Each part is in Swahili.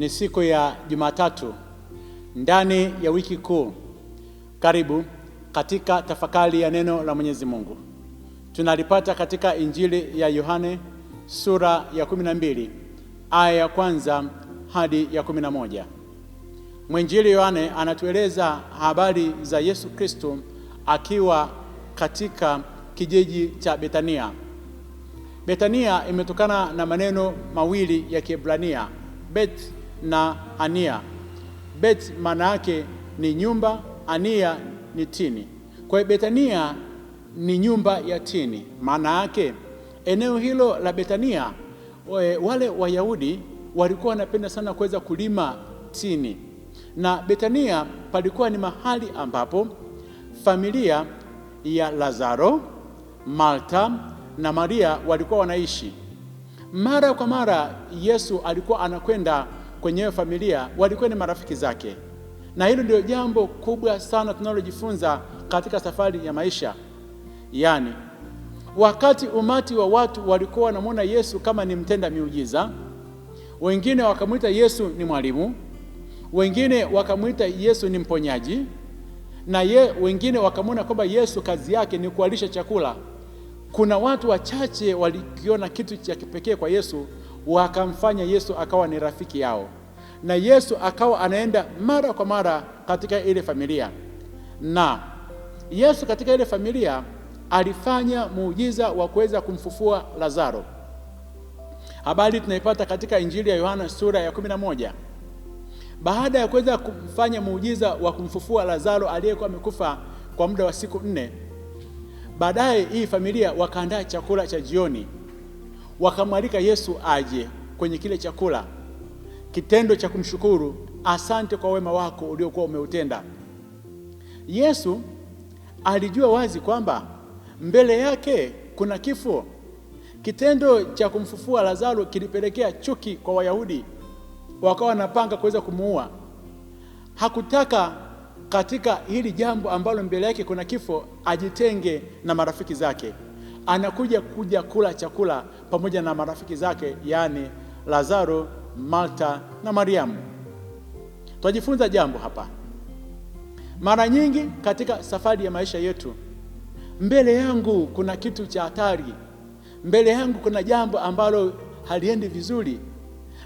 ni siku ya Jumatatu ndani ya wiki kuu. Karibu katika tafakari ya neno la Mwenyezi Mungu. Tunalipata katika Injili ya Yohane sura ya 12 aya ya kwanza hadi ya 11. Mwinjili Yohane anatueleza habari za Yesu Kristo akiwa katika kijiji cha Betania. Betania imetokana na maneno mawili ya Kiebrania, bet na ania. Bet maana yake ni nyumba, ania ni tini. Kwa hiyo Betania ni nyumba ya tini, maana yake eneo hilo la Betania wale Wayahudi walikuwa wanapenda sana kuweza kulima tini, na Betania palikuwa ni mahali ambapo familia ya Lazaro, Marta na Maria walikuwa wanaishi. Mara kwa mara Yesu alikuwa anakwenda kwenye familia walikuwa ni marafiki zake, na hilo ndio jambo kubwa sana tunalojifunza katika safari ya maisha. Yaani, wakati umati wa watu walikuwa wanamwona Yesu kama ni mtenda miujiza, wengine wakamwita Yesu ni mwalimu, wengine wakamwita Yesu ni mponyaji, na ye, wengine wakamwona kwamba Yesu kazi yake ni kualisha chakula. Kuna watu wachache walikiona kitu cha kipekee kwa Yesu wakamfanya Yesu akawa ni rafiki yao, na Yesu akawa anaenda mara kwa mara katika ile familia, na Yesu katika ile familia alifanya muujiza wa kuweza kumfufua Lazaro. Habari tunaipata katika Injili ya Yohana sura ya moja Baada ya kuweza kumfanya muujiza wa kumfufua Lazaro aliyekuwa amekufa kwa muda wa siku nne, baadaye hii familia wakaandaa chakula cha jioni wakamwalika Yesu aje kwenye kile chakula, kitendo cha kumshukuru, asante kwa wema wako uliokuwa umeutenda. Yesu alijua wazi kwamba mbele yake kuna kifo. Kitendo cha kumfufua Lazaro kilipelekea chuki kwa Wayahudi, wakawa wanapanga kuweza kumuua. Hakutaka katika hili jambo ambalo mbele yake kuna kifo ajitenge na marafiki zake anakuja kuja kula chakula pamoja na marafiki zake, yaani Lazaro, Marta na Mariamu. Twajifunza jambo hapa. Mara nyingi katika safari ya maisha yetu, mbele yangu kuna kitu cha hatari, mbele yangu kuna jambo ambalo haliendi vizuri,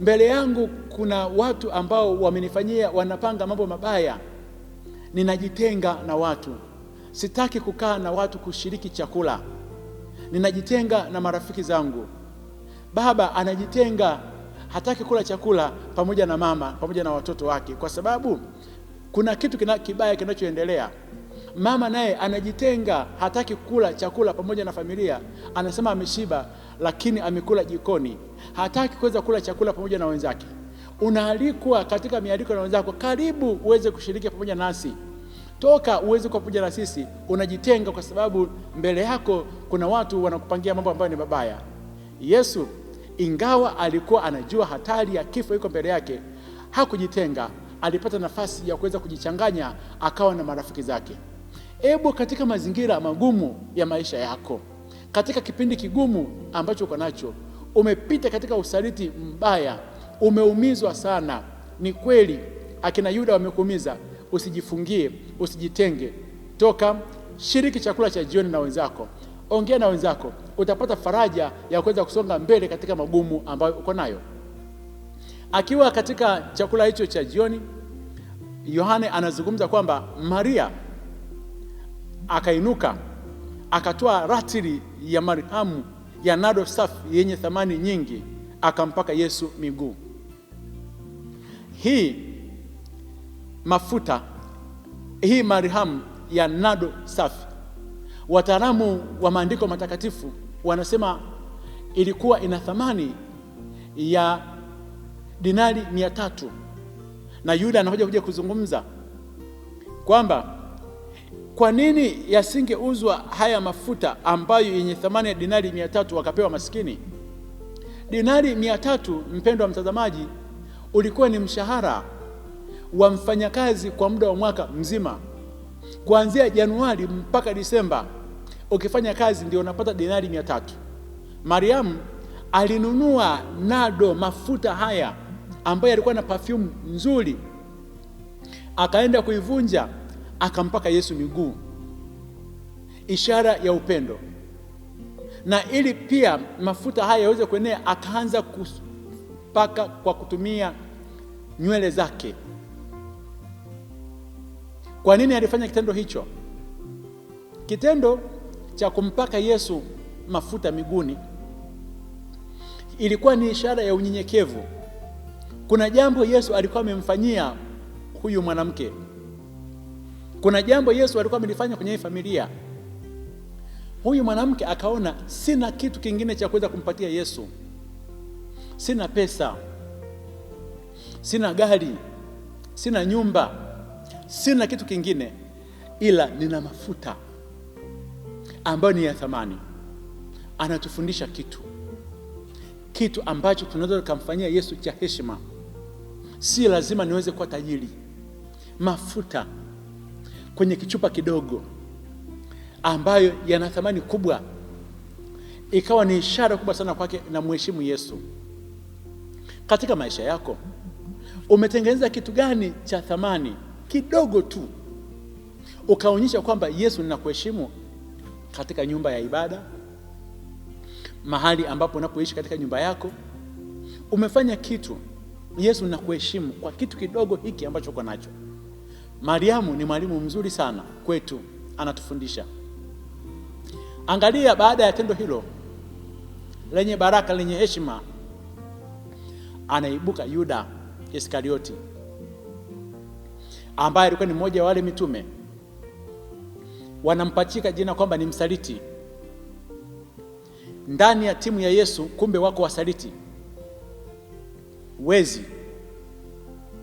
mbele yangu kuna watu ambao wamenifanyia, wanapanga mambo mabaya. Ninajitenga na watu, sitaki kukaa na watu kushiriki chakula ninajitenga na marafiki zangu. Baba anajitenga, hataki kula chakula pamoja na mama pamoja na watoto wake, kwa sababu kuna kitu kina kibaya kinachoendelea. Mama naye anajitenga, hataki kula chakula pamoja na familia. Anasema ameshiba, lakini amekula jikoni, hataki kuweza kula chakula pamoja na wenzake. Unaalikwa katika mialiko na wenzako, karibu uweze kushiriki pamoja nasi toka uweze kuwapuja na sisi, unajitenga kwa sababu mbele yako kuna watu wanakupangia mambo ambayo ni mabaya. Yesu ingawa alikuwa anajua hatari ya kifo iko mbele yake, hakujitenga. Alipata nafasi ya kuweza kujichanganya, akawa na marafiki zake. Ebu katika mazingira magumu ya maisha yako, katika kipindi kigumu ambacho uko nacho, umepita katika usaliti mbaya, umeumizwa sana. Ni kweli akina Yuda wamekuumiza usijifungie, usijitenge, toka, shiriki chakula cha jioni na wenzako, ongea na wenzako, utapata faraja ya kuweza kusonga mbele katika magumu ambayo uko nayo. Akiwa katika chakula hicho cha jioni, Yohane anazungumza kwamba Maria akainuka akatoa ratili ya marhamu ya nado safi yenye thamani nyingi akampaka Yesu miguu. Hii mafuta hii marhamu ya nado safi, wataalamu wa maandiko matakatifu wanasema ilikuwa ina thamani ya dinari mia tatu na yule anakuja kuja kuzungumza kwamba kwa nini yasingeuzwa haya mafuta ambayo yenye thamani ya dinari mia tatu wakapewa maskini? Dinari mia tatu, mpendwa mtazamaji, ulikuwa ni mshahara wa mfanyakazi kwa muda wa mwaka mzima, kuanzia Januari mpaka Disemba. Ukifanya kazi ndio unapata dinari mia tatu. Mariamu alinunua nado mafuta haya ambayo alikuwa na perfume nzuri, akaenda kuivunja akampaka Yesu miguu, ishara ya upendo. Na ili pia mafuta haya yaweze kuenea, akaanza kupaka kwa kutumia nywele zake. Kwa nini alifanya kitendo hicho? Kitendo cha kumpaka Yesu mafuta miguuni ilikuwa ni ishara ya unyenyekevu. Kuna jambo Yesu alikuwa amemfanyia huyu mwanamke, kuna jambo Yesu alikuwa amelifanya kwenye familia. Huyu mwanamke akaona, sina kitu kingine cha kuweza kumpatia Yesu, sina pesa, sina gari, sina nyumba sina kitu kingine ila nina mafuta ambayo ni ya thamani. Anatufundisha kitu kitu ambacho tunaweza tukamfanyia Yesu cha heshima. Si lazima niweze kuwa tajiri. Mafuta kwenye kichupa kidogo ambayo yana thamani kubwa, ikawa ni ishara kubwa sana kwake na mheshimu Yesu. Katika maisha yako umetengeneza kitu gani cha thamani? kidogo tu ukaonyesha kwamba Yesu, ninakuheshimu katika nyumba ya ibada, mahali ambapo unapoishi, katika nyumba yako umefanya kitu. Yesu, ninakuheshimu kwa kitu kidogo hiki ambacho uko nacho. Mariamu ni mwalimu mzuri sana kwetu, anatufundisha. Angalia, baada ya tendo hilo lenye baraka lenye heshima, anaibuka Yuda Iskarioti ambaye alikuwa ni mmoja wa wale mitume, wanampachika jina kwamba ni msaliti. Ndani ya timu ya Yesu kumbe wako wasaliti, wezi.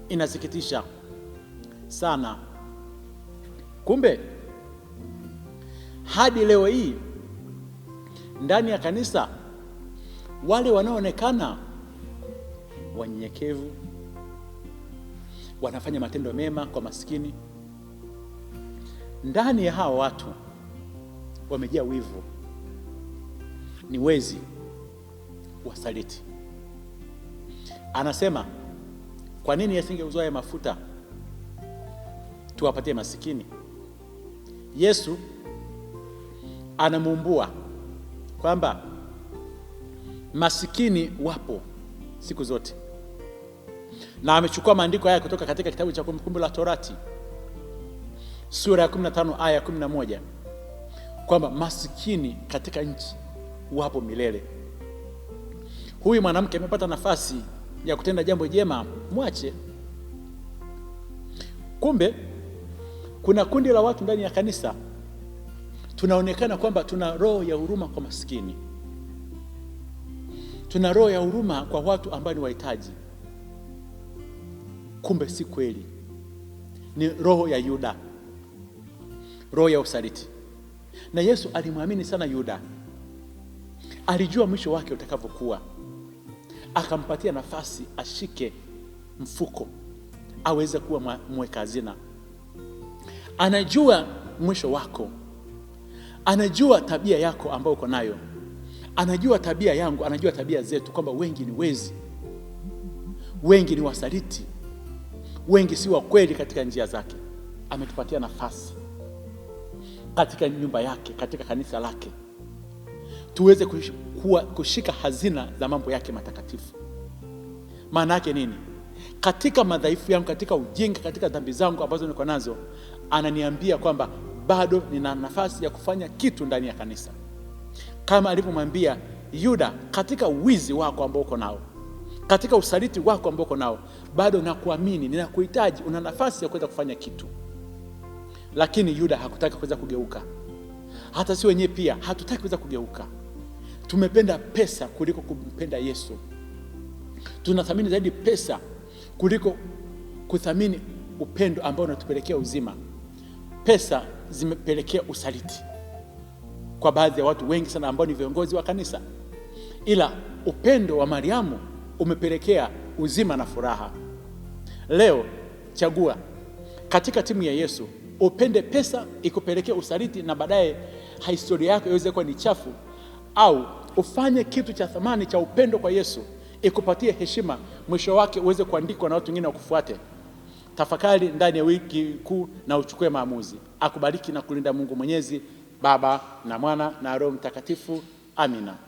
Inasikitisha sana. Kumbe hadi leo hii ndani ya kanisa wale wanaoonekana wanyenyekevu wanafanya matendo mema kwa maskini. Ndani ya hawa watu wamejaa wivu, ni wezi, wasaliti. Anasema, kwa nini yasingeuzwa haya mafuta tuwapatie masikini? Yesu anamuumbua kwamba masikini wapo siku zote na amechukua maandiko haya kutoka katika kitabu cha Kumbukumbu la Torati sura ya 15 aya ya 11 kwamba masikini katika nchi wapo milele. Huyu mwanamke amepata nafasi ya kutenda jambo jema, mwache. Kumbe kuna kundi la watu ndani ya kanisa tunaonekana kwamba tuna roho ya huruma kwa masikini, tuna roho ya huruma kwa watu ambao ni wahitaji kumbe si kweli, ni roho ya Yuda, roho ya usaliti. Na Yesu alimwamini sana Yuda, alijua mwisho wake utakavyokuwa, akampatia nafasi ashike mfuko aweze kuwa mweka hazina. Anajua mwisho wako, anajua tabia yako ambayo uko nayo, anajua tabia yangu, anajua tabia zetu, kwamba wengi ni wezi, wengi ni wasaliti wengi si wa kweli katika njia zake. Ametupatia nafasi katika nyumba yake, katika kanisa lake, tuweze kushika hazina za mambo yake matakatifu. Maana yake nini? Katika madhaifu yangu, katika ujinga, katika dhambi zangu ambazo niko nazo, ananiambia kwamba bado nina nafasi ya kufanya kitu ndani ya kanisa, kama alivyomwambia Yuda katika wizi wako ambao uko nao katika usaliti wako ambao uko nao, bado nakuamini, ninakuhitaji, una nafasi ya kuweza kufanya kitu. Lakini Yuda hakutaki kuweza kugeuka, hata si wenyewe pia hatutaki kuweza kugeuka. Tumependa pesa kuliko kumpenda Yesu, tunathamini zaidi pesa kuliko kuthamini upendo ambao unatupelekea uzima. Pesa zimepelekea usaliti kwa baadhi ya watu wengi sana ambao ni viongozi wa kanisa, ila upendo wa Mariamu umepelekea uzima na furaha. Leo chagua katika timu ya Yesu, upende pesa ikupelekea usaliti na baadaye historia yako iweze kuwa ni chafu, au ufanye kitu cha thamani cha upendo kwa Yesu ikupatie heshima, mwisho wake uweze kuandikwa na watu wengine wakufuate. Tafakari ndani ya wiki kuu na uchukue maamuzi. Akubariki na kulinda Mungu Mwenyezi, Baba na Mwana na Roho Mtakatifu. Amina.